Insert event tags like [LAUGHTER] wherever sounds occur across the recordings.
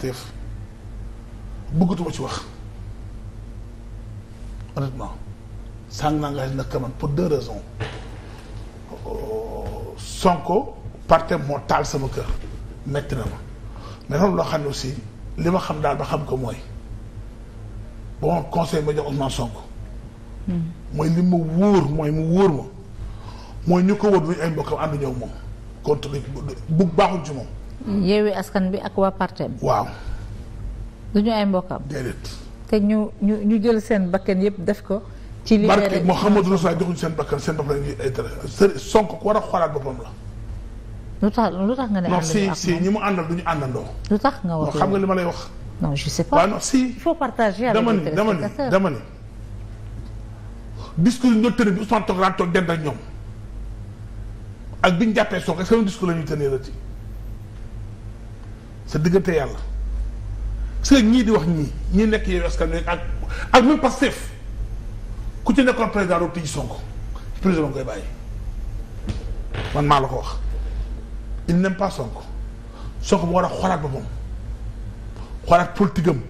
Pastef bëggatuma ci wax honnêtement ça n'engage na quand même pour deux raisons Sonko parte moo taal sama kër metti na ma mais loolu loo xam ne aussi li ma xam daal ba xam ko mooy ba moo conseil ma jox Ousmane Sonko mooy li ma wóor mooy mu wóor ma mooy ñu ko wóor duñu ay mbokkam àndu ñëw moom contre bu baaxul ci moom yeewi askan bi ak waa parteem waaw du ñu ay mbokkam déedéet te ñu ñu ñu jël seen bakken yëpp def ko ci libéré barke Mouhamadou Rasulullah joxuñu seen bakkan seen bopp la ñuy intérêt Sonko ku war a xoolaat boppam la lu tax lu tax nga ne non si si ñi mu àndal du ñu àndandoo lu tax nga wax xam nga li ma lay wax non je sais pas non si il faut partager avec dama ni dama ni dama ni discours yi ñoo tënk bi Ousmane toog daan toog dend ak ñoom ak bi ñu jàppee Sonko est-ce que discours la ñuy tënee ci sa diggante yàlla parce que ñii di wax ñii ñii nekk yow askan wi ak ak même Pastef ku ci nekkoon président doo tijji Sonko prison nga koy bàyyi man maa la ko wax il n'aime pas sonk Sonko bu war a xoolaat boppam xoolaat politique am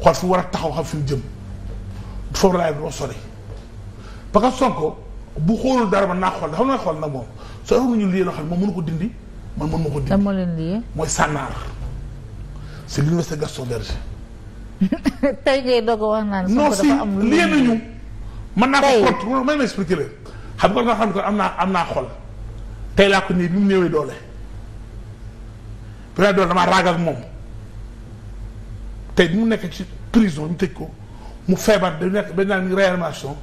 xol fu war a taxaw xam fi mu jëm foofu laay wax sori parce que Sonko bu xoolul dara ba naa xool dafa nooy xool nag moom soo ñu lii loo xam moom mënu ko dindi man mën ma ko dindi moo leen liyee mooy sànnaar c' est Gaston Berger. [LAUGHS] tey ngay doog a wax naan. non si liyee nañu. mën naa ko contre mën naa expliquer leen. xam nga xam ne am naa am naa xol tey laa ko nii bi mu néewee doole. bi ma doon mu nekk ci prison ñu tëj ko mu feebar dañu nekk dañu naan réanimation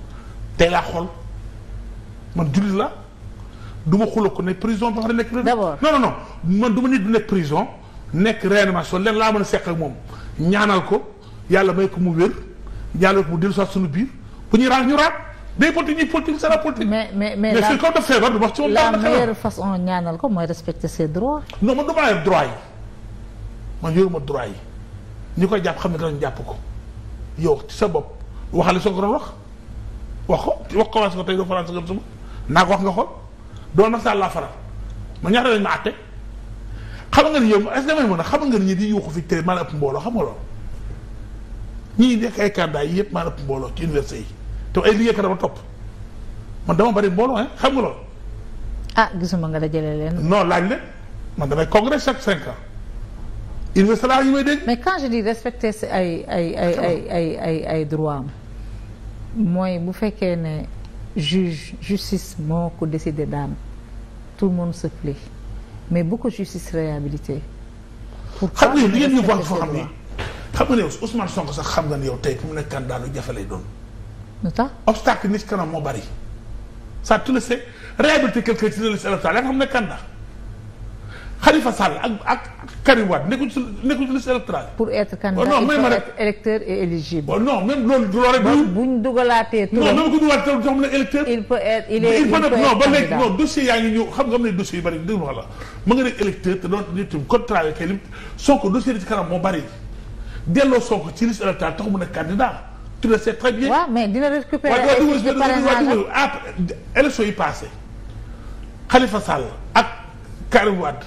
tey laa xol man jullit la. du ma xuloo ko nekk prison ba xam ne nekk. d'abord non non man du nit du nekk prison nekk réanimation leen laa mën a seq ak moom ñaanal ko yàlla may ko mu wér yàlla mu dellu soit suñu biir bu ñu raag ñu raag day politique ñuy politique sera politique. mais mais mais mais kaw def feebar du wax ci moom. la meilleure façon ñaanal ko mooy respecter ses droits. non man damaa yor droit yi man koy jàpp xam ne danañ jàpp ko yow ci sa bopp waxale soo ko doon wax wax ko wax ko wax ko tey doo faral sa gëm naa ko wax nga xool. doon naf daal laa faral ma ñaata lañ ma àtte xam nga ni yow est-ce que nga ni di yuuxu fi télé maa la ëpp mbooloo xam nga loolu ñii nekk ay candidat yi yëpp maa la ëpp mbooloo ci université yi te ay liggéeykat dama topp man dama bari mbooloo hein xam nga loolu ah gisuma nga dajale leen non laaj leen man damay congrès chaque cinq ans université laa ñu may dégg mais quand di dis respecter ay ay ay ay ay ay ay droit am mooy bu fekkee ne juge justice moo ko décidé daan tout le monde se plaît mais bu ko justice réhabilité. pour xam nga yow di ngeen ñu wax foo xam ne xam nga ne yow Ousmane Sonko sax xam nga ne yow tey fu mu nekk candidat lu jafe lay doon. lu tax obstacle nit kanam moo bari ça tu le sais réhabiliter quelqu'un ci la liste électorale yaa xam ne candidat. Khalifa Sall ak ak Karim Wade nekkul ci nekkul ci liste électorale. pour être candidat oh il faut être électeur et éligible. Oh non même loolu du loolu rek. bu ñu dugalaatee turam non non ko dugalaatee turam moo bëri delloo Sonko ci liste électorale taxu mu très bien waaw mais dina récupérer élection yi passé Khalifa Sall ak Karim Wade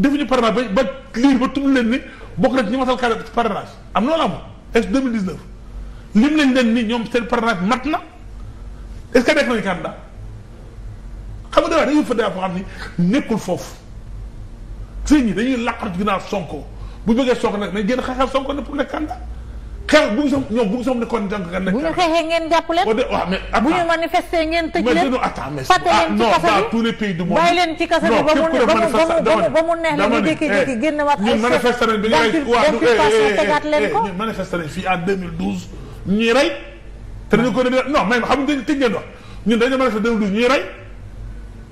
defuñu parrainage ba ba liir ba tudd leen ni bokk na ci ñu masal parrainage am na wala amul est-ce 2019 lim lañ leen ni ñoom seen parrainage mat na est-ce que nekk nañu candidat xam nga dañuy fa daa foo xam ni nekkul foofu sëñ ñi dañuy làqatu naa Sonko bu bëggee sonk nag nañ génn xeexal Sonko ne pour nekk candidat xeex bu ñu ñoom bu ñu soog ne kon jàngkat nekk. bu ñu xeexee ngeen jàpp leen. waaw mais attends bu ñu manifester ngeen tëj leen. mais fàtte ah, leen ci kasa bi tous les pays du monde. bàyyi leen ci kasa bi ba mu ba mu ba mu neex la ñu jékki-jékki eh, génn waat ay manifester nañ bi ñu rey waaw eh, eh, tegaat leen ko ñun manifester nañ fii en 2012 ñuy rey te dañu ko non mais xam nga tëj ngeen wax ñun dañu manifester 2012 ñuy rey.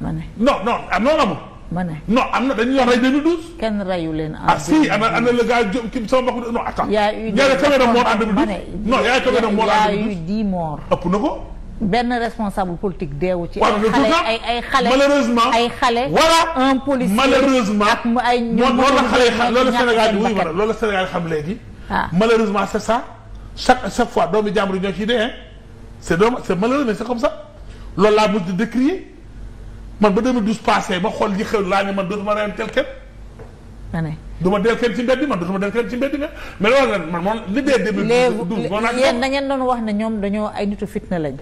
ma ne non non ah non amul. ma ne non am na dañuy wax rey nañu douze. kenn reyu leen en. ah si ana ana le gars jo kii sama mbokku non attends. yaa yu dix non yaa yu dix morts ëpp na ko. benn responsable politique deewu ci. ay ay xale malheureusement ay xale. voilà un policier malheureusement ak ay ñoom moo tax xale yi xam loolu Sénégal bi wuy ma loolu xam léegi. Ah. malheureusement c'est chaque chaque fois doomu jàmbur ñoo ciy dee. c'est doom c'est malheureux mais c'est loolu laa mujj di décrier man ba 2012 passé ba xool yi xew laa ne man dootuma reyal tel kenn. ma ne dootuma del ci mbedd man dootuma del kenn ci mbedd mais loolu la man man li dee. 2012 moo naan yéen da ngeen ñoom dañoo ay nitu fitna lañ.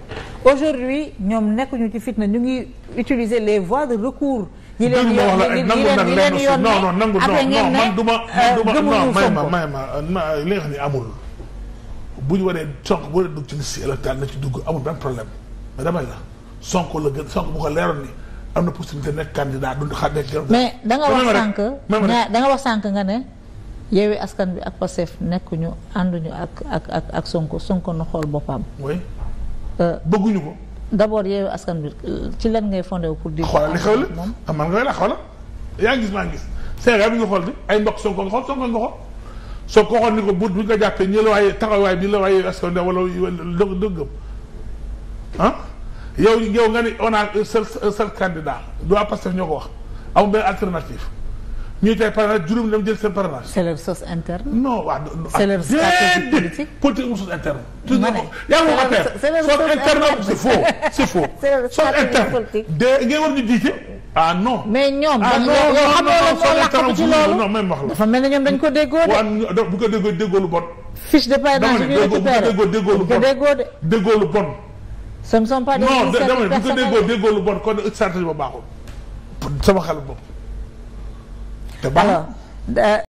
ci fitna ñu ngi utiliser les voies de recours. yi leen di wax la nangu nag lenn su non non nangu non man du euh, ma man ma ma ma li xam ne amul. bu ñu waree sonk bu waree dugg ci liste électorale na ci dugg amul benn problème mais damay la sonk la gën sonk bu ko leeroon ni am na possibilité nekk candidat du xa mais da nga wax sànq da nga wax sànq nga ne Yewwi Askan bi ak Pastef nekkuñu ànduñu ak ak ak ak Sonko Sonko na xool boppam. oui euh, bëgguñu ko. d' abord Yewwi Askan bi ci lan ngay fondé wu pour. di xoolal li xew la ah, man nga la xoolal yaa ngi gis maa ngi gis bi nga xool ni ay mbokk Sonko nga xool Sonko nga xool. soo ko xool ni ko buut bi nga jàppee ñi waaye taxawaay bi la waaye Askan Wi wala dëgg dëggam ah? yow yow nga ni on a seul seul candidat du waa Pastef ñoo ko wax amul benn alternative ñuy tey parrainage juróom dem jël seen parrainage. c'est leur sauce interne. non waaw c'est leur ah, stratégie politique politique mu sauce interne. ma ne yaa ngi ko teel sauce interne c'est faux c'est faux. sauce interne de ngeen war ñu jiite. ah non mais ñoom. ah non non non ci loolu. non même wax la dafa mel ne ñoom dañu ko déggoo de. waaw bu ko déggoo déggoo lu bon. fiche de parrainage ñu récupéré dama ne déggoo bu ko déggoo déggoo lu bon déggoo lu bon. ce ne sont pas des non dama ne bu ko déggoo déggoo lu bon kon stratégie ba baaxul sama xel bopp te baax